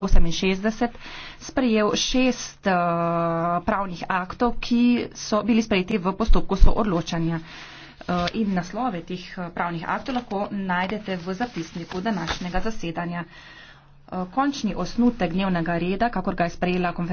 1968 sprejel šest uh, pravnih aktov, ki so bili sprejeti v postopku soodločanja. Eh, in naslove teh eh, pravnih aktov lahko najdete v zapisniku današnjega zasedanja. Končni osnutek dnevnega reda, kakor ga je sprejela konferencija.